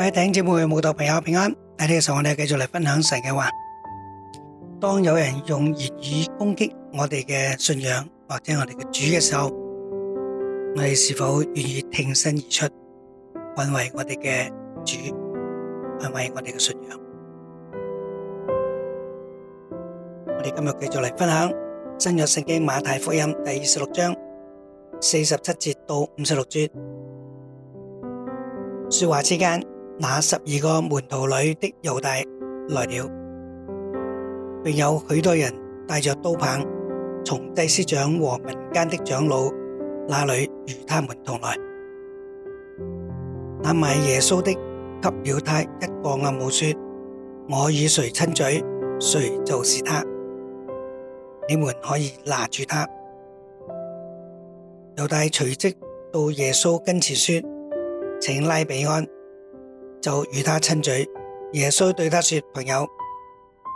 各位弟兄姊妹、信徒朋友平安。喺呢個時候，我哋繼續嚟分享神嘅話。當有人用言語攻擊我哋嘅信仰或者我哋嘅主嘅時候，我哋是否願意挺身而出，捍衛我哋嘅主，捍衛我哋嘅信仰？我哋今日繼續嚟分享新約聖經馬太福音第二十六章四十七節到五十六節。說話之間。那十二個門徒裏的猶大來了，並有許多人帶着刀棒，從祭司長和民間的長老那裏與他們同來。那賣耶穌的給了他一個暗號說：我與誰親嘴，誰就是他。你們可以拿住他。猶大隨即到耶穌跟前說：請拉比安。就與他親嘴，耶穌對他說：朋友，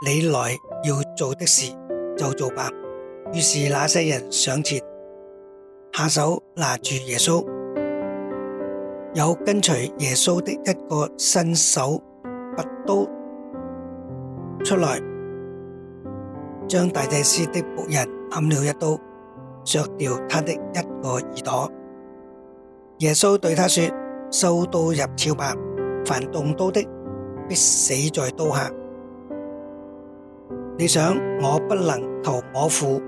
你來要做的事就做吧。於是那些人上前，下手拿住耶穌。有跟隨耶穌的一個伸手拔刀出來，將大祭司的僕人砍了一刀，削掉他的一個耳朵。耶穌對他說：收刀入鞘吧。凡動刀的，必死在刀下。你想我不能求我父，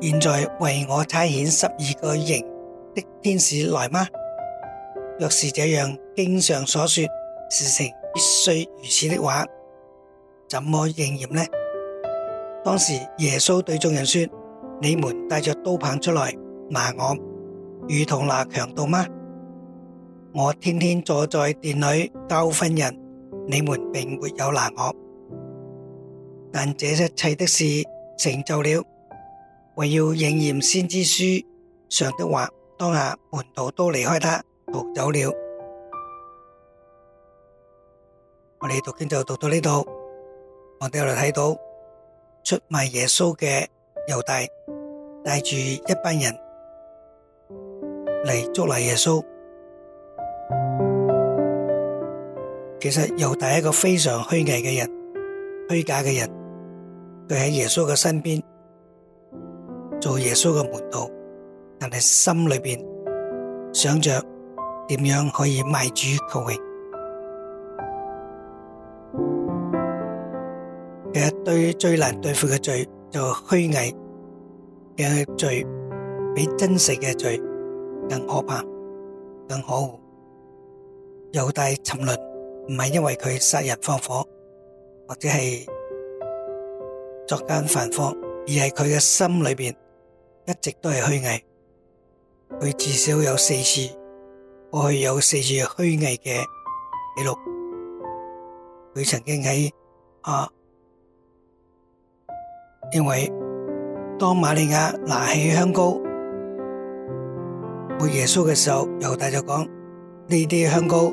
現在為我差遣十二個營的天使來嗎？若是這樣，經上所說事情必須如此的話，怎麼應驗呢？當時耶穌對眾人說：你們帶着刀棒出來拿我，如同拿強盜嗎？我天天坐在殿裏教訓人，你們並沒有拿我。但這一切的事成就了，為要應驗先知書上的話。當下門徒都離開他，逃走了。我哋讀經就讀到呢度，我哋又嚟睇到出賣耶穌嘅猶大帶住一班人嚟捉拿耶穌。其實猶大一個非常虛偽嘅人，虛假嘅人，佢喺耶穌嘅身邊做耶穌嘅門徒，但係心裏面想着點樣可以賣主求榮。其實對最難對付嘅罪就係虛偽嘅罪，比真實嘅罪更可怕、更可惡。猶大沉淪。唔係因為佢殺人放火或者係作奸犯科，而係佢嘅心裏邊一直都係虛偽。佢至少有四次，過去有四次虛偽嘅記錄。佢曾經喺啊，因為當瑪利亞拿起香膏抹耶穌嘅時候，猶大就講呢啲香膏。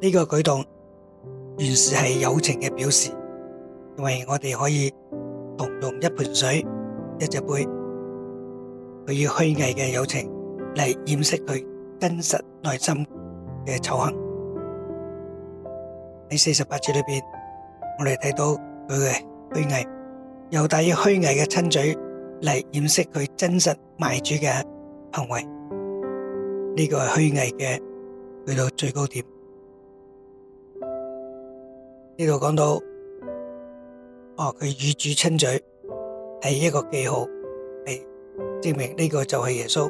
呢個舉動原是係友情嘅表示，因為我哋可以同用一盆水、一隻杯，佢以虛偽嘅友情嚟掩飾佢真實內心嘅醜行。喺四十八節裏面，我哋睇到佢嘅虛偽，又帶以虛偽嘅親嘴嚟掩飾佢真實賣主嘅行為。呢個係虛偽嘅去到最高點。呢度講到，哦，佢與主親嘴係一個記號，係證明呢個就係耶穌，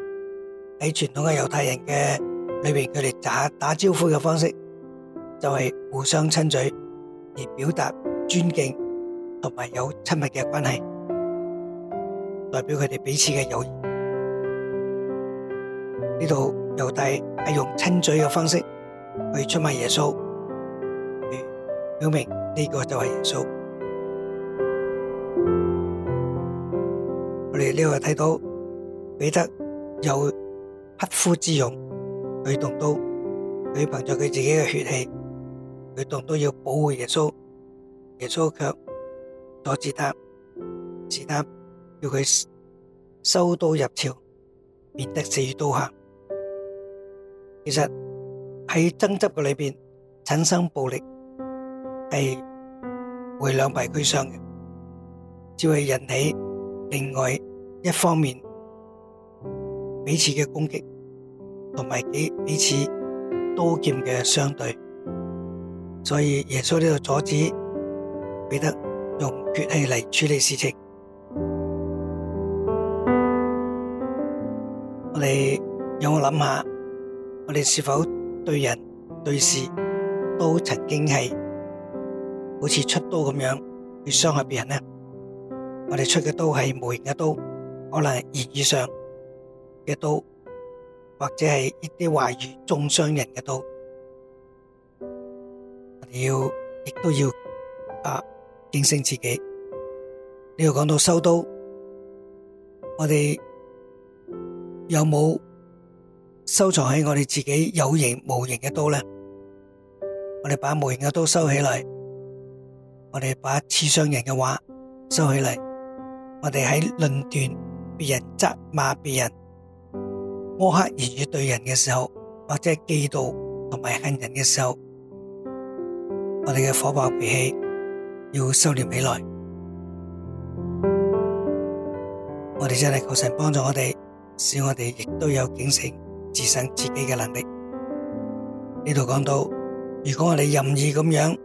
喺傳統嘅猶太人嘅裏面，佢哋打打招呼嘅方式就係互相親嘴而表達尊敬同埋有親密嘅關係，代表佢哋彼此嘅友誼。呢度猶太係用親嘴嘅方式去出賣耶穌。表明呢個就係耶穌。我哋呢個睇到彼得有匹夫之勇，佢動刀，佢憑着佢自己嘅血氣，佢動刀要保護耶穌，耶穌卻阻止他，使他叫佢收刀入鞘，免得死於刀下。其實喺爭執嘅裏邊產生暴力，係會兩敗俱傷嘅，只會引起另外一方面彼此嘅攻擊，同埋彼此刀劍嘅相對。所以耶穌呢度阻止彼得用血氣嚟處理事情。我哋有冇諗下，我哋是否對人對事都曾經係？好似出刀咁樣去傷害別人咧，我哋出嘅刀係無形嘅刀，可能係言語上嘅刀，或者係一啲懷疑中傷人嘅刀。我哋要亦都要啊，警醒自己。你要講到收刀，我哋有冇收藏起我哋自己有形、無形嘅刀咧？我哋把無形嘅刀收起嚟。我哋把刺傷人嘅話收起嚟，我哋喺論斷別人、責罵別人、苛刻言語對人嘅時候，或者係嫉妒同埋恨人嘅時候，我哋嘅火爆脾氣要收斂起來。我哋真係求神幫助我哋，使我哋亦都有警醒、自省自己嘅能力。呢度，講到，如果我哋任意咁樣。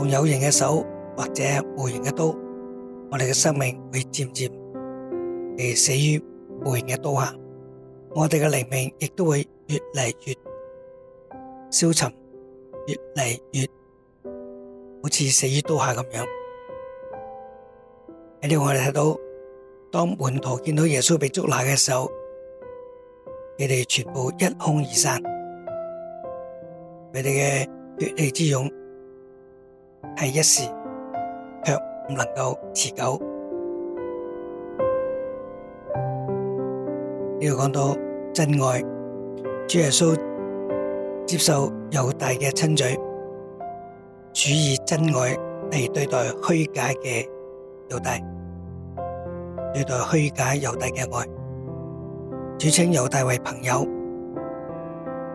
用有形嘅手或者無形嘅刀，我哋嘅生命會漸漸地死於無形嘅刀下，我哋嘅靈命亦都會越嚟越消沉，越嚟越好似死於刀下咁樣。喺呢度，我哋睇到當門徒見到耶穌被捉拿嘅時候，佢哋全部一空而散，佢哋嘅血氣之勇。係一時，卻唔能夠持久。呢度講到真愛，主耶穌接受猶大嘅親嘴，主以真愛嚟對待虛假嘅猶大，對待虛假猶大嘅愛，主稱猶大為朋友。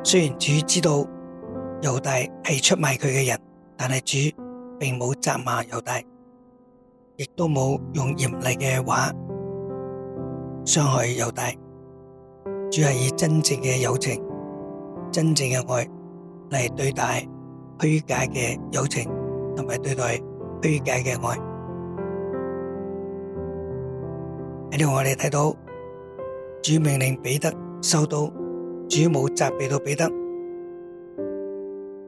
雖然主知道猶大係出賣佢嘅人，但係主。並冇責罵猶大，亦都冇用嚴厲嘅話傷害猶大，主係以真正嘅友情、真正嘅愛嚟對待虛假嘅友情，同埋對待虛假嘅愛。喺度我哋睇到主命令彼得收刀，主冇責備到彼得，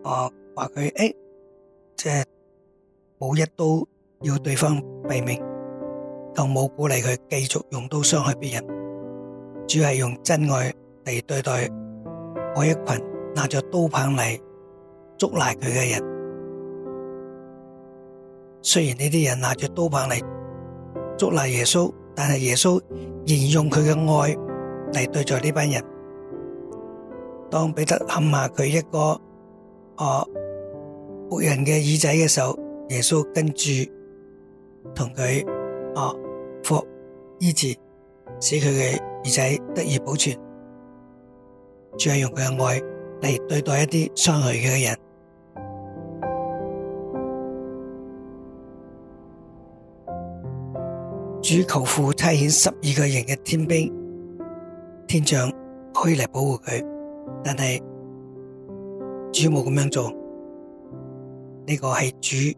我話佢，誒即係。冇一刀要對方斃命，更冇鼓勵佢繼續用刀傷害別人，只係用真愛嚟對待我一群拿着刀棒嚟捉拿佢嘅人。雖然呢啲人拿着刀棒嚟捉拿耶穌，但係耶穌仍然用佢嘅愛嚟對待呢班人。當彼得冚下佢一個啊僕人嘅耳仔嘅時候，耶穌跟住同佢啊，服醫治，使佢嘅耳仔得以保存。主係用佢嘅愛嚟對待一啲傷害佢嘅人。主求父差遣十二個人嘅天兵天將可以嚟保護佢，但係主冇咁樣做。呢個係主。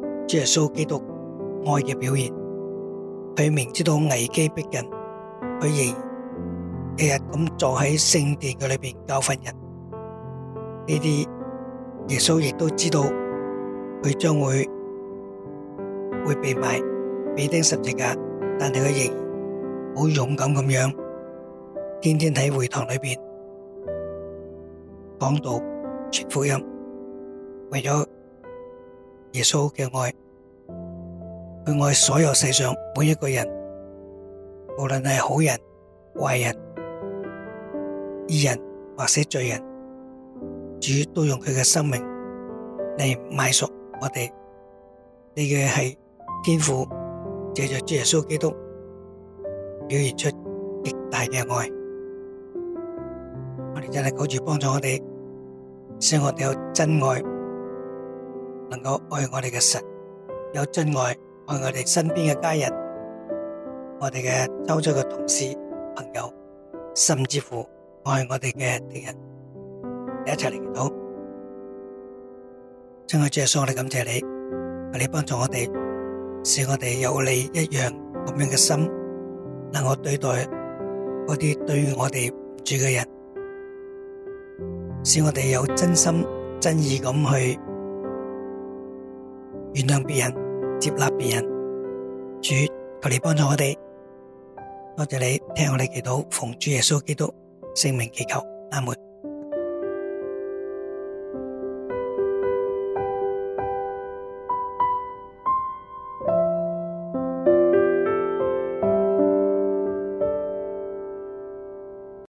耶穌基督愛嘅表現，佢明知道危機迫近，佢仍日日咁坐喺聖殿嘅裏邊教訓人。呢啲耶穌亦都知道佢將會會被賣、被釘十字架，但係佢仍然好勇敢咁樣，天天喺會堂裏邊講道、傳福音，為咗耶穌嘅愛。去愛所有世上每一個人，無論係好人、壞人、義人或者罪人，主都用佢嘅生命嚟買贖我哋。呢個係天父藉着主耶穌基督表現出極大嘅愛。我哋真係攰住幫助我哋，使我哋有真愛，能夠愛我哋嘅神，有真愛，愛我哋身邊嘅家人，我哋嘅周遭嘅同事朋友，甚至乎愛我哋嘅敵人，一齊嚟祈禱。親愛嘅主，我哋感謝你，為你幫助我哋，使我哋有你一樣咁樣嘅心，能夠對待嗰啲對我哋唔住嘅人，使我哋有真心真意咁去原諒別人。接納別人，主求你幫助我哋，多謝你聽我哋祈禱，奉主耶穌基督聖名祈求，阿門。